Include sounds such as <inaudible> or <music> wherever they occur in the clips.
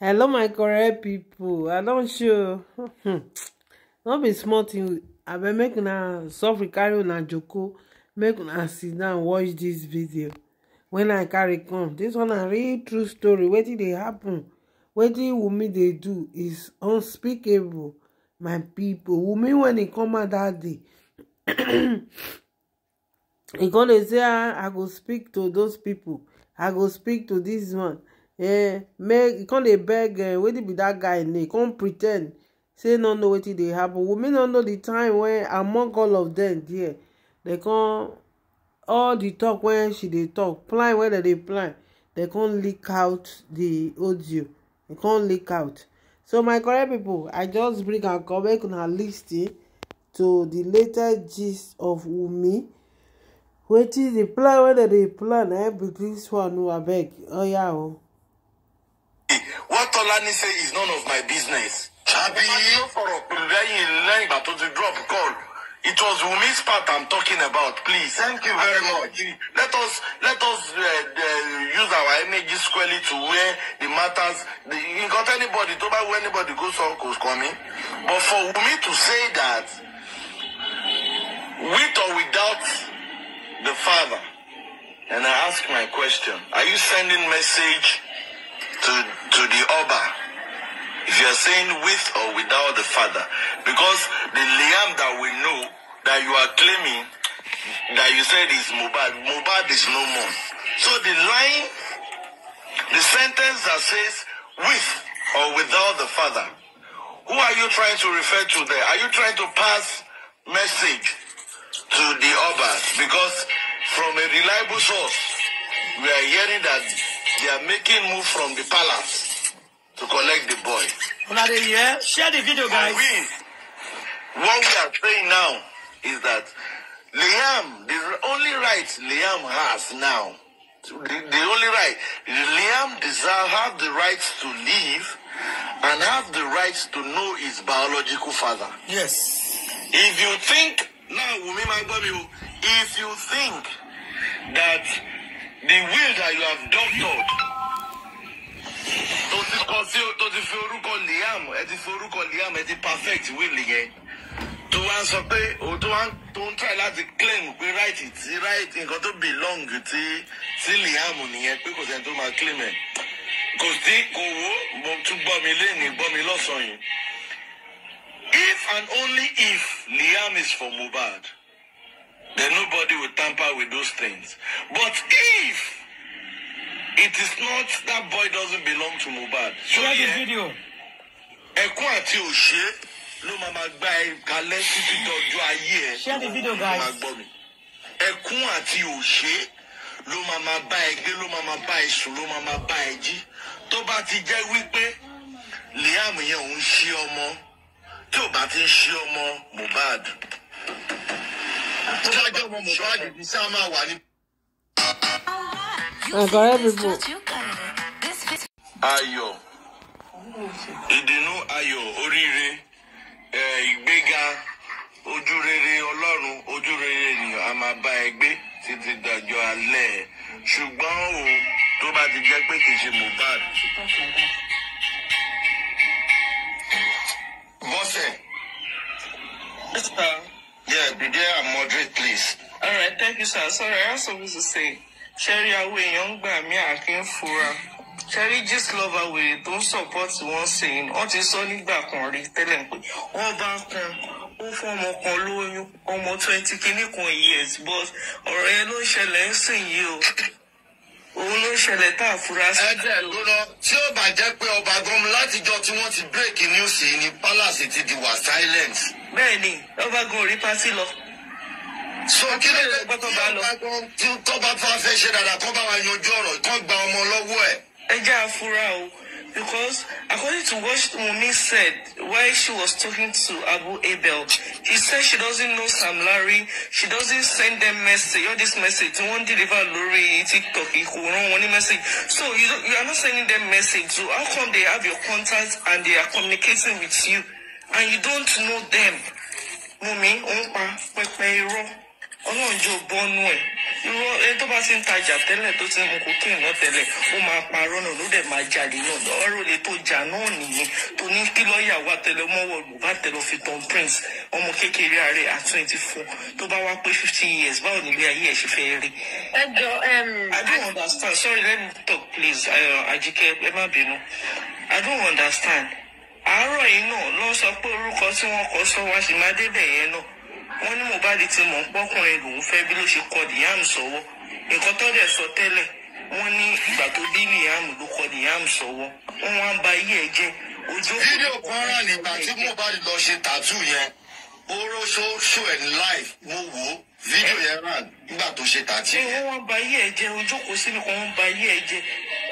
hello my correct people. i don't show hmm. no be small I abeg making a suffer carry una joko make una sit down watch this video When i carry come this one a real true story What did they happen What did wunmi they do is unspeakable my people. wunmi when they come out that day they <clears throat> gonna dey say ah, i go speak to those people. i go speak to this one eh make come dey beg eh wetin be that guy name come pretend say no know wetin dey happen we may not know di time when, among all of them, there they come all the talk when she dey talk plan wey they dey plan they come leak out the audio They come leak out so my correct people, i just bring a come on una listing to the latest gist of which is the plan wey they dey plan eh be this one beg. Oh yeah, oh. Tọ́lání say is none of my business. Ṣàbí lẹ́yìn lẹ́yìn ìgbà tó ti drop call. It was Wumi's part I'm talking about, please. Thank you very much. Let us let us uh, uh, use our energy squarely to where the matters. The, got anybody tó bá where anybody goes sọ kò kàn But for Wumi to say that with or without the father, and I ask my question, are you sending message? to, to the Oba. If you are saying with or without the father, because the Liam that we know that you are claiming that you said is Mubad, Mubad is no more. So the line, the sentence that says with or without the father, who are you trying to refer to there? Are you trying to pass message to the Oba? Because from a reliable source, we are hearing that They are making move from the palace to collect the boy. Una dey Share the video, guys. And we, what we are saying now is that Liam, the only right Liam has now, the, the only right, Liam deserve, have the right to live and have the right to know his biological father. Yes. If you think, now, Wumi, my baby, if you think that the will that you have doctored tó ti kọ sí tó ti fi orúkọ Liam ẹ ti fi orúkọ Liam ẹ ti perfect will yẹn To wá ń sọ pé òun tó wá ń tó ń try láti claim pé right ti right nǹkan tó belong ti ti Liam nìyẹn pé kò sẹ́ni tó máa claim ẹ̀ kò sí kò wó mo tún gbọ́ mi léèní gbọ́ mi lọ́sàn-án yìí if and only if Liam is for Mohbad then nobody will tamper with those things. But if it is not that boy doesn't belong to Mubad. So Share the video. Ẹ̀kún àti òṣè ló máa máa gba kalẹ̀ títí dọjọ́ ayé ẹ̀. Share the video guys. Ẹ̀kún àti òṣè ló máa máa bá ẹ gbé ló máa máa bá ẹ sùn ló máa máa bá ẹ jí. Tó bá ti jẹ́ wípé Liam yẹn òun ṣí ọmọ tí ò bá ti ń ṣí ọmọ Mohbad tó bá jọ ọmọ Mohbad ní sáà máa wà ní. ọ̀gọ̀rẹ́ bíbò. ayọ̀ ìdùnnú ayọ̀ oríire ìgbéga ojú rere ọlọ́run ojú rere ènìyàn a máa bá ẹ títí dọjọ́ alẹ́ ṣùgbọ́n o tó bá ti jẹ́ pé kìí ṣe Mohbad. bọ́sẹ̀. Yeah, be there and moderate, please. All right, thank you, sir. Sorry, I was supposed to say, Sherry, away young man, me I came for n fura. Sherry gist lover wèrè tó support one sẹ́yìn. Wọ́n ti sọ nígbà kan rí tẹ́lẹ̀ All wọ́n bá kan ó fún ọmọ kan lóyún ọmọ twenty kìíní years but ọ̀rọ̀ yẹn ló ń ṣẹlẹ̀ ń sìn yìí o òun ló ṣẹlẹ̀ tá a fura sí. ẹ̀jẹ̀ ló lọ tí ó bá jẹ́ pé ọba gomu látijọ́ tí wọ́n ti bírèkì news yìí ni palace ti di wà silent. bẹ́ẹ̀ni ọba gun ò rí pátí lọ. so kí ló dé tí ọba tó bá fẹ́ ṣe dáadáa kó bá wa yanjú ọ̀rọ̀ kó gba ọmọ lọ́wọ́ ẹ̀. ẹ jẹ́ àfura o because according to what Wunmi said while she was talking to Abu Abel, she said she doesn't know Sam Larry, she doesn't send them message, all this message, one deliver Lori, TikTok, one message. So you, you are not sending them message. So how come they have your contact and they are communicating with you and you don't know them? Wunmi, Opa, Pepe, Ro ọlọ́run jẹ́ ògbọ́nú ẹ̀ irọ́ ẹni tó bá ti ń tajà tẹ́lẹ̀ tó ti ń mu cocaine náà tẹ́lẹ̀ ó máa parọ́ náà ló dẹ̀ máa jalè náà ọ̀rọ̀ lè tó jà náà nìyẹn tó ní kí lọ́ọ̀yà wa tẹ́lẹ̀ ọmọ wọ̀lú bá tẹ́lẹ̀ fi tán prince ọmọ kékeré ààrẹ at twenty four tó bá wá pé fifteen years báwo ni ilé ayé ẹ̀ ṣe fẹ́ rí. ẹ jọ I don't understand sorry let me talk please uh, Ajike ẹ má bínú I don't understand àárọ̀ yìí náà ló sọ pé orúkọ tí wọ́n kọ sọ wá sì má débẹ̀ yẹn náà wọ́n ní Mohbad ti mọ̀ pọ́kùnrin lòún fẹ́ bí ló ṣe kọ Liam sọ́wọ́ nǹkan tó dẹ̀ sọ tẹ́lẹ̀ wọ́n ní ìgbà tó bí Liam ló kọ Liam sọ́wọ́ wọ́n wá ń ba ayé ẹ̀ jẹ́ ojú. fídíò kan rà nígbà tí Mohbad lọ ṣe tàtú yẹn oró ṣoṣo ẹ̀ live mo wò ó fídíò yẹn rà nígbà tó ṣe tàtú yẹn. wọ́n ba ayé ẹ̀ jẹ́ ojú kò sí nìkan wọ́n ba ayé ẹ̀ jẹ́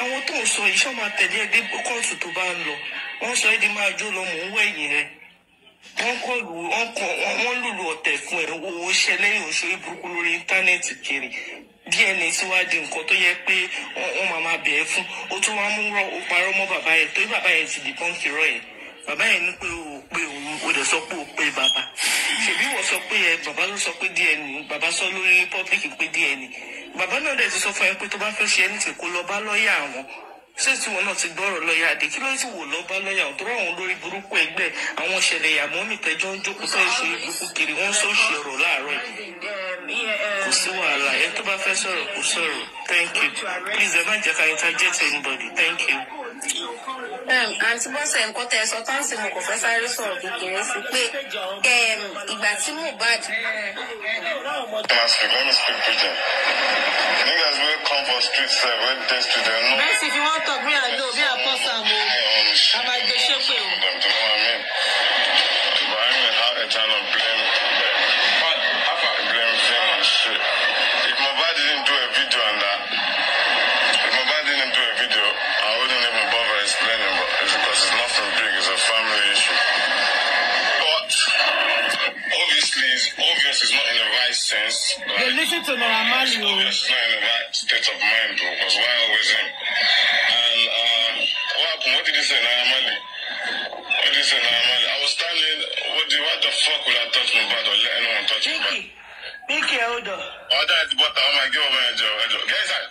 àwọn tó ń sọ iṣẹ́ máa tẹ̀lé ẹ̀ kóòtù tó bá ń lọ wọ́n sọ ẹ́ di máa jó lọ mò ń wẹ̀yìn rẹ̀ wọ́n kọ́ wọ́n lùlù ọ̀tẹ̀ fún ẹ̀ owó iṣẹ́ lẹ́yìn oṣù burúkú lórí íńtánẹ́ẹ̀tì kiri dna ti wá nǹkan tó yẹ pé wọ́n máa máa bẹ̀ẹ́ fún ó tún wá mú rọ ó parọ́ mọ́ bàbá yẹn torí bàbá yẹn ti dìbọn kìrọ̀ yẹn bàbá yẹn ní pé o pé òun o dẹ̀ sọ pé o pé bàbá ṣèbí wọ́n sọ pé ẹ bàbá ló sọ pé dna bàbá sọ lórí public pé dna bàbá náà dẹ̀ ti sọ fún ẹ pé tó bá fẹ́ ṣe ẹni tì kó lọ bá lọ́ọ̀yà àwọn ṣé tiwọn náà ti gbọ́rọ̀ lọ́ọ̀yà àdè kí ló ti wò lọ́ọ́ bá lọ́ọ̀yà ọ̀tọ́rọ̀ àwọn olórí burúkú ẹgbẹ́ àwọn ìṣẹ̀lẹ̀ ìyàmọ́ nìtẹ́jọ́ ń jókòó fẹ́ ṣe ìbùkù kiri wọ́n sọ ṣe ọ̀rọ̀ láàárọ̀ kò sí wàhálà ẹ tó bá fẹ́ sọ̀rọ̀ kò sọ̀rọ̀ thank you please ẹ má jẹ́ ká interject anybody thank you àǹtí bọ́sẹ̀ nǹkan tẹ́ ẹ sọ tán sí mo kò fẹ́ sáré sọ̀rọ̀ kékeré sí pé ìgbà tí Mohbad. Niggas wey come for street sef wey dey student. Bẹ́sì fi wọ́n tọ̀ bí àdó bí àpọ̀sà mo, a máa gbé ṣépè o. decent normally. All decent normally. I was standing. What the what the fuck would I touch me bad or let anyone touch me bad? Mickey, hold on. All that butter. Oh my god, man, Joe, Joe, get inside.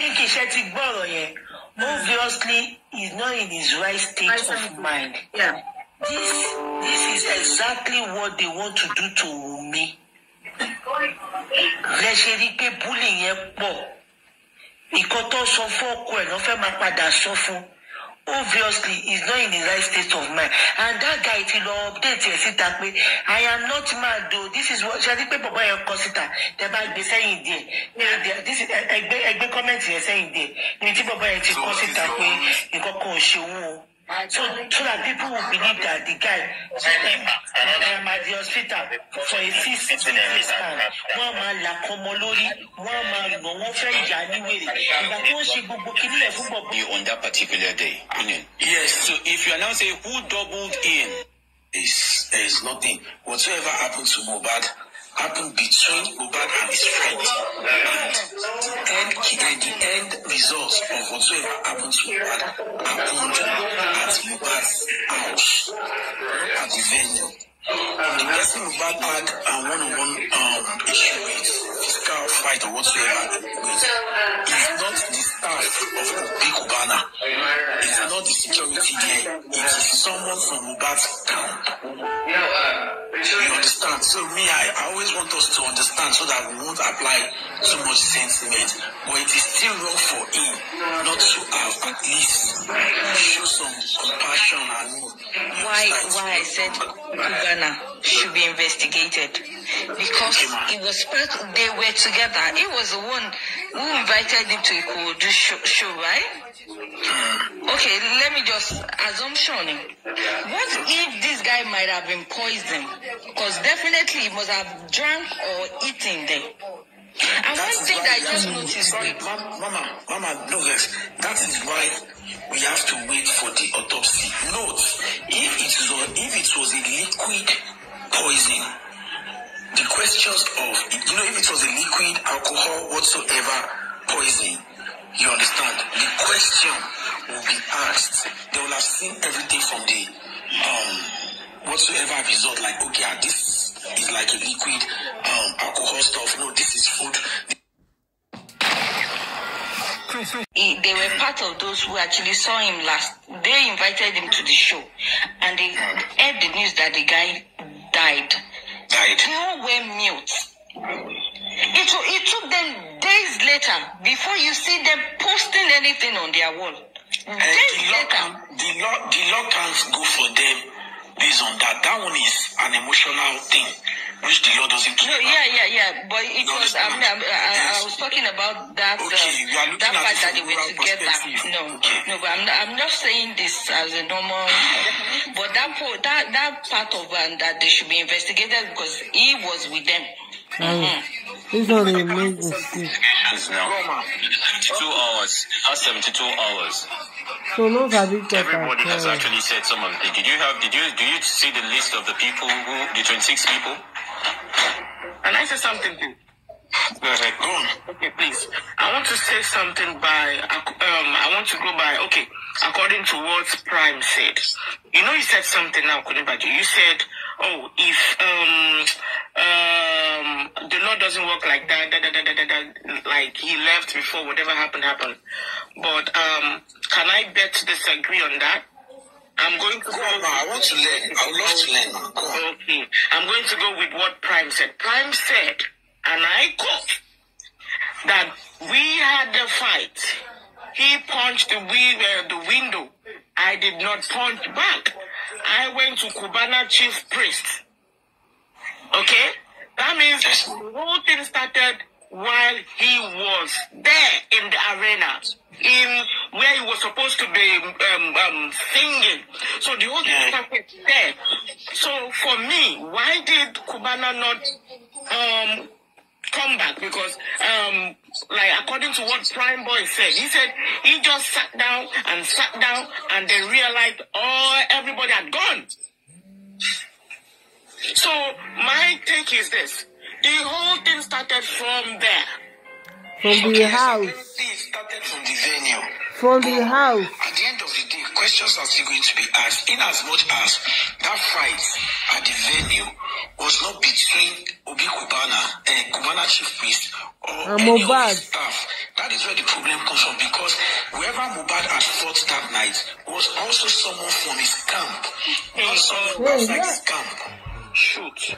Pinky, ṣe ti gbọ́ ọ̀rọ̀ Obviously, he's not in his right state of mind. Yeah. This this is exactly what they want to do to me. Lẹ́ṣẹ̀ rí bullying Yeah, pọ̀ nǹkan tó sọ fún ọkọ ẹ̀ ló fẹ́ máa padà sọ fún obviously he's not in the right state of mind and that guy ti lọ update ẹ̀ síta pé i am not mad o this is what ṣe ti pé bàbá yẹn kọ síta tẹ bá gbé sẹ́yìn díẹ̀ this is ẹgbẹ́ ẹgbẹ́ comment yẹn sẹ́yìn díẹ̀ ní tí bàbá yẹn ti kọ síta pé nǹkan kan ò ṣe òun o. So, so that people will believe that the guy um, um, at the hospital for a fist stand, wọ́n máa làkọmọ lórí, wọ́n máa gbọ̀n, wọ́n fẹ́ jà ní Ìgbà tó ń ṣe gbogbo kí nílẹ̀ fún bọ̀bọ̀. Be on that particular day. Yes, so if you are now saying who doubled in, is is nothing. Whatever happened to Mohbad happened between Mohbad and his friend. And the and the end result of whatsoever happened to Mohbad happened at Mohbad's house at the venue. The person Mohbad had a one-on-one um, issue with physical fight or whatsoever with is not the staff of Big Cubana. It's not the security there. It is someone from Mohbad's camp. You understand? So me, I, always want us to understand so that we won't apply too much sentiment. But it is still wrong for him not to have at least show some compassion and why why I said Kugana should be investigated because it was part, they were together. He was the one who invited him to Ikorodu show, show, right? Hmm. Okay, let me just assumption. What if this guy might have been poisoned? Because definitely he must have drunk or eaten them. And that one thing that I just noticed. Sorry, Mama, Mama, no vex. That is why we have to wait for the autopsy. Note, if it, was, if it was a liquid poison, the questions of, you know, if it was a liquid, alcohol, whatsoever, poison, you understand, the question will be asked. They will have seen everything from the um, whatsoever result, like, okay, ah, this is like a liquid, um, alcohol stuff, no, this is food. They were part of those who actually saw him last. They invited him to the show, and they mm. heard the news that the guy died. died. People were mute. It, it took them days later before you see them posting anything on their wall. days the law, later. The law, the law can't go for them based on that. That one is an emotional thing. which the doesn't care. No, yeah, yeah, yeah. But it no, was, I, mean, I, I, I, was talking about that, uh, okay, uh, that fact that they were together. No, okay. no, but I'm not, I'm not saying this as a normal, but that, that, that part of um, that they should be investigated because he was with them. Mm-hmm. This one is hours. That's seventy-two hours. So those are the Everybody has actually said some of it. Did you have? Did you? Do you see the list of the people who the twenty-six people? Can I say something, please? Go ahead. Go on. Okay, please. I want to say something by, um, I want to go by, okay, according to what Prime said. You know, you said something now, Kunibaji. You said, oh, if um, um, the law doesn't work like that, da, da, da, da, da, da, like he left before whatever happened happened. But um, can I bet disagree on that? I'm going to go. Uh, I want to learn. I would love to learn. okay. I'm going to go with what Prime said. Prime said, and I quote, that we had a fight. He punched the, uh, the window. I did not punch back. I went to Kubana chief priest. Okay? That means the whole thing started while he was there in the arena, in where he was supposed to be um, um, um singing. So the whole thing started there. So for me, why did Kubana not um, come back? Because um, like according to what Prime Boy said, he said he just sat down and sat down, and they realized oh everybody had gone. So my take is this. The whole thing started from there. From the okay, house. started from the venue. From the house. At the end of the day, questions are still going to be asked. In as much as that fight at the venue was not between Obi Kubana and eh, Kubana chief priest or any of his staff. That is where the problem comes from because whoever Mubad had fought that night was also someone from his camp. Not someone outside his camp. Shoot.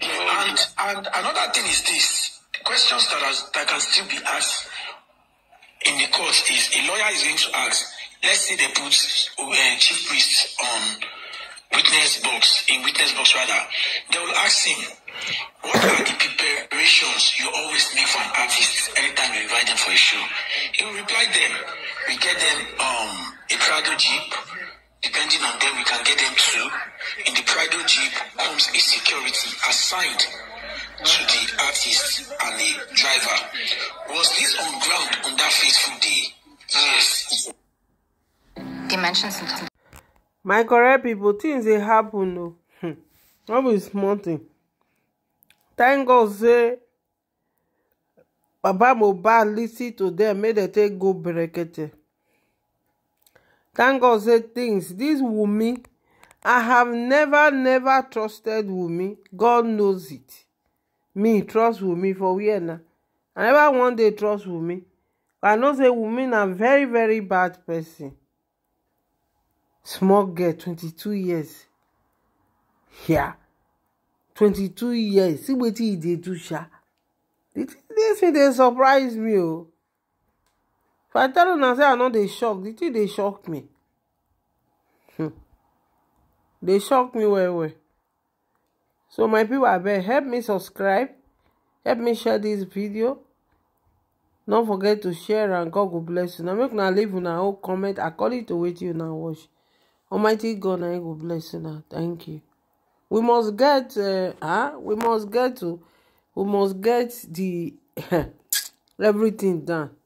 And and another thing is this: questions that has, that can still be asked in the court is a lawyer is going to ask. Let's say they put uh, chief priest on witness box in witness box rather. They will ask him, "What are the preparations you always make for an artist anytime you invite them for a show?" He will reply them, "We get them um, a travel jeep." Depending on them, we can get them too. In the bridal jeep comes a security assigned to the artist and the driver. Was this on ground on that fateful day? Yes. Dimensions. My correct people, things they happen. Oh. Hmm. No be small thing. Thank God say Baba Mohbad lis ten to them make dem take go Brekete thank god say things This wunmi i have never never trusted wunmi god knows it me trust wunmi for where now? i never want day trust wunmi i know say wunmi a very very bad person small girl twenty-two years yeah twenty-two years see what e dey do sha This, thing dey surprise me Oh but i tell una say i know they shock the thing They shock me hmm. They dey shock me well well so my people abeg help me subscribe help me share this video Don't forget to share and god will bless you Now make now leave una own comment it to wait you now. watch almighty god na will bless you now. thank you we must get eh, ah we must get to we must get the <laughs> everything done